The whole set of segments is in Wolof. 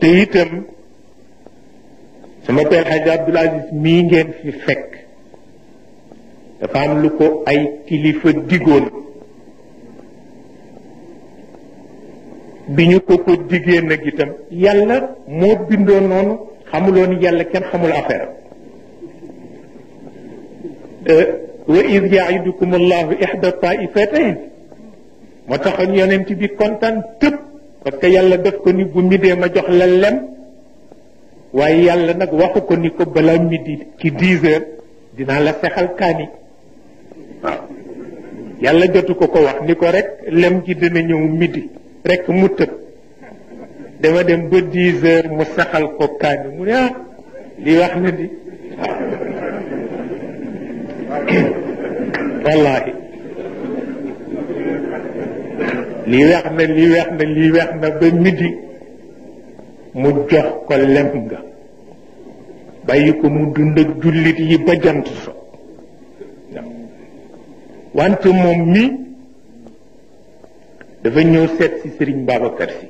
te itam sama père Hadj Abdoul Aziz mii ngeen fi fekk dafa am lu ko ay kilifa digoon bi ñu ko ko digee nag itam yàlla moo bindoo noonu xamuloon yàlla kenn xamul affaire wa id yaidukum allahu ixda taifatayn moo taxoon yonent bi kontaan tëpp parce que yàlla def ko ni bu midee ma jox la lem waaye yàlla nag waxu ko ni ko balaa midi ci dix heures dinaa la sexal kaani yàlla jotu ko ko wax ni ko rek lem gi dina ñëw midi rek mu tëb dama dem ba dix heures mu saxal ko kaani mu ne ah li wax na di wallahi lii weex na lii weex na lii weex na ba midi mu jox ko lem nga bàyyi ko mu dund ak jullit yi ba jant so wante moom mi dafa ñëw seet ci Serigne Babacar Sy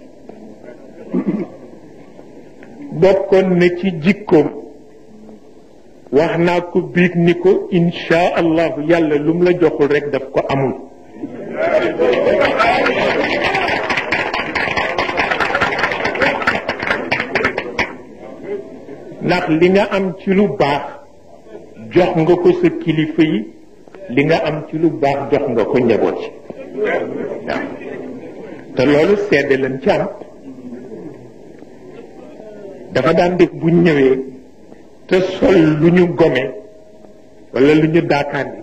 bokkoon na ci jikkoom wax naa ko biig ni ko insha allahu yàlla lu mu la joxul rekk daf ko amul ndax li nga am ci lu baax jox nga ko sa kilifa yi li nga am ci lu baax jox nga ko njaboot yi te loolu sedd leen ci am dafa daan def bu ñëwee te sol lu ñu gome walla lu ñu daakaandi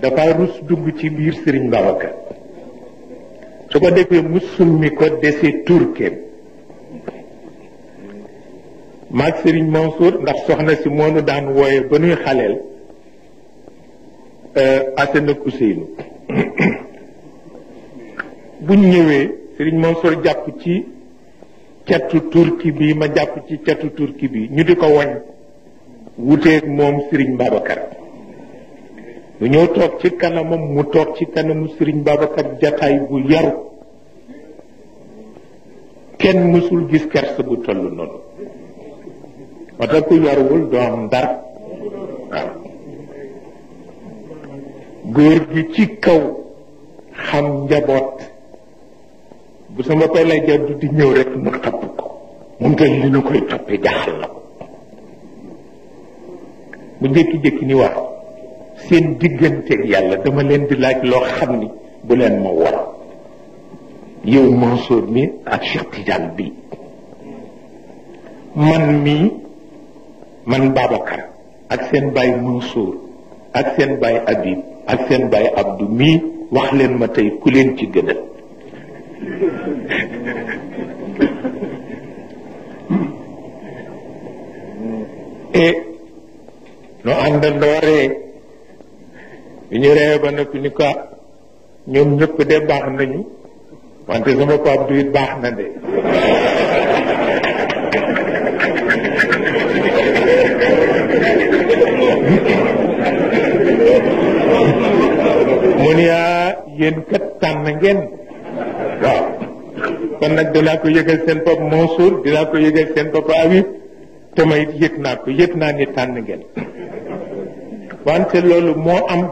dafa rus dugg ci biir Sëriñ Babacar su ko defee mu summi ko dese turkeem maag Serigne Mansour ndax soxna si moo nu daan wooye ba nuy xaleel euh, Assane ak Ousseynou buñ ñëwee Serigne Mansour jàpp ci catu turki bi ma jàpp ci catu turki bi ñu di ko woñ wuteeg moom Serigne Babacar lu ñëw toog ci kanamam mu toog ci kanamu Serigne Babacar jataay bu yaru kenn mësul gis kersa bu toll noonu moo tax ku yorwul doo dar dara waaw góor gi ci kaw xam njaboot bu sama koy lay jàdd di ñëw rek mu topp ko moom tam li ñu koy toppi jaaxal la mu jékki-jékki ni wax seen digganteeg yàlla dama leen di laaj loo xam ni bu leen ma war yow Mansour mi ak Cheikh Tidiane bi man mii man Babacar ak seen baay Mansour ak seen baay Habib ak seen baay Abdou mii wax leen ma tey ku leen ci gënal e nu àndandoo ree bi ñu ree ba noppi ni ko ñoom ñëpp de baax nañu wante sama pap du it baax na de yéen kat tànn ngeen waaw kon nag dinaa ko yëgal seen bopp Mansour dinaa ko yëgal seen bopp Habib te yëg naa ko yëg naa ni tànn ngeen wante loolu moo am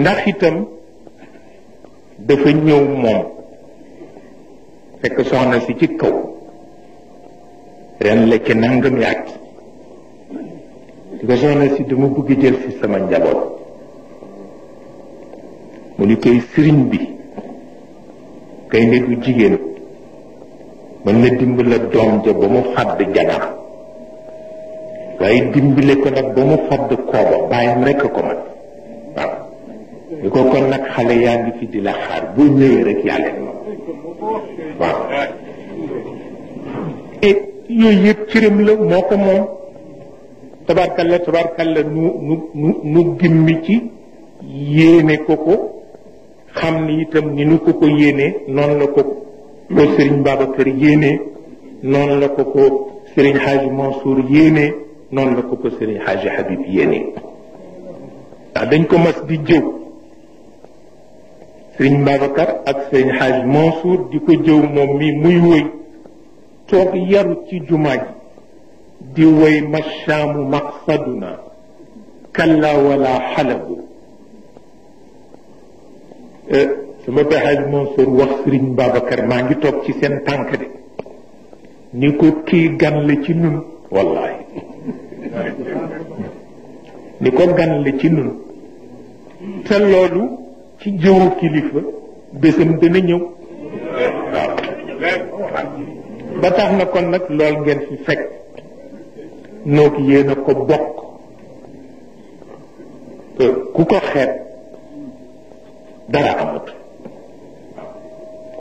ndax itam dafa ñëw moom fekk soxna si ci kaw ren lekk ci nangam yaat di ko soxna si dama bëgg jël si sama njaboot mu ni koy sëriñ bi kay ne bu jigéen mën na dimbale doom ja ba mu fàdd janam waaye dimbale ko nag ba mu fàdd kooba bàyyam rekk ko man waaw ñu ko kon nag xale yaa ngi fi di la xaar boo ñëwee rek yaa leen moom waaw yooyu yëpp cëram la moo ko moom tabarkalla tabarkalla nu nu nu nu gimmi ci yéene ko ko xam ni itam ni nu ko ko yéenee noonu la ko ko sëriñ Babacar yéenee noonu la ko ko sëriñ Hadj Mansour yéenee noonu la ko ko sëriñ Hadj Habib yéenee ndax dañ ko mas di jëw sëriñ Babacar ak sëriñ Hadj Mansour di ko jëw moom mi muy woy toog yaru ci jumaa ji di woy machaamu maqsaduna kalla wala xalabu su eh, sama bexaaj Mansour wax Serigne Babacar maa ngi toog ci seen tànk de ni ko kii gan la ci nun wallahi ni ko gan la ci nun te loolu ci jëwu kilifa bésam dana ñëw ba tax na kon nag lool ngeen fi fekk noo ki yéen ko bokk ku ko xeet Daha Amud.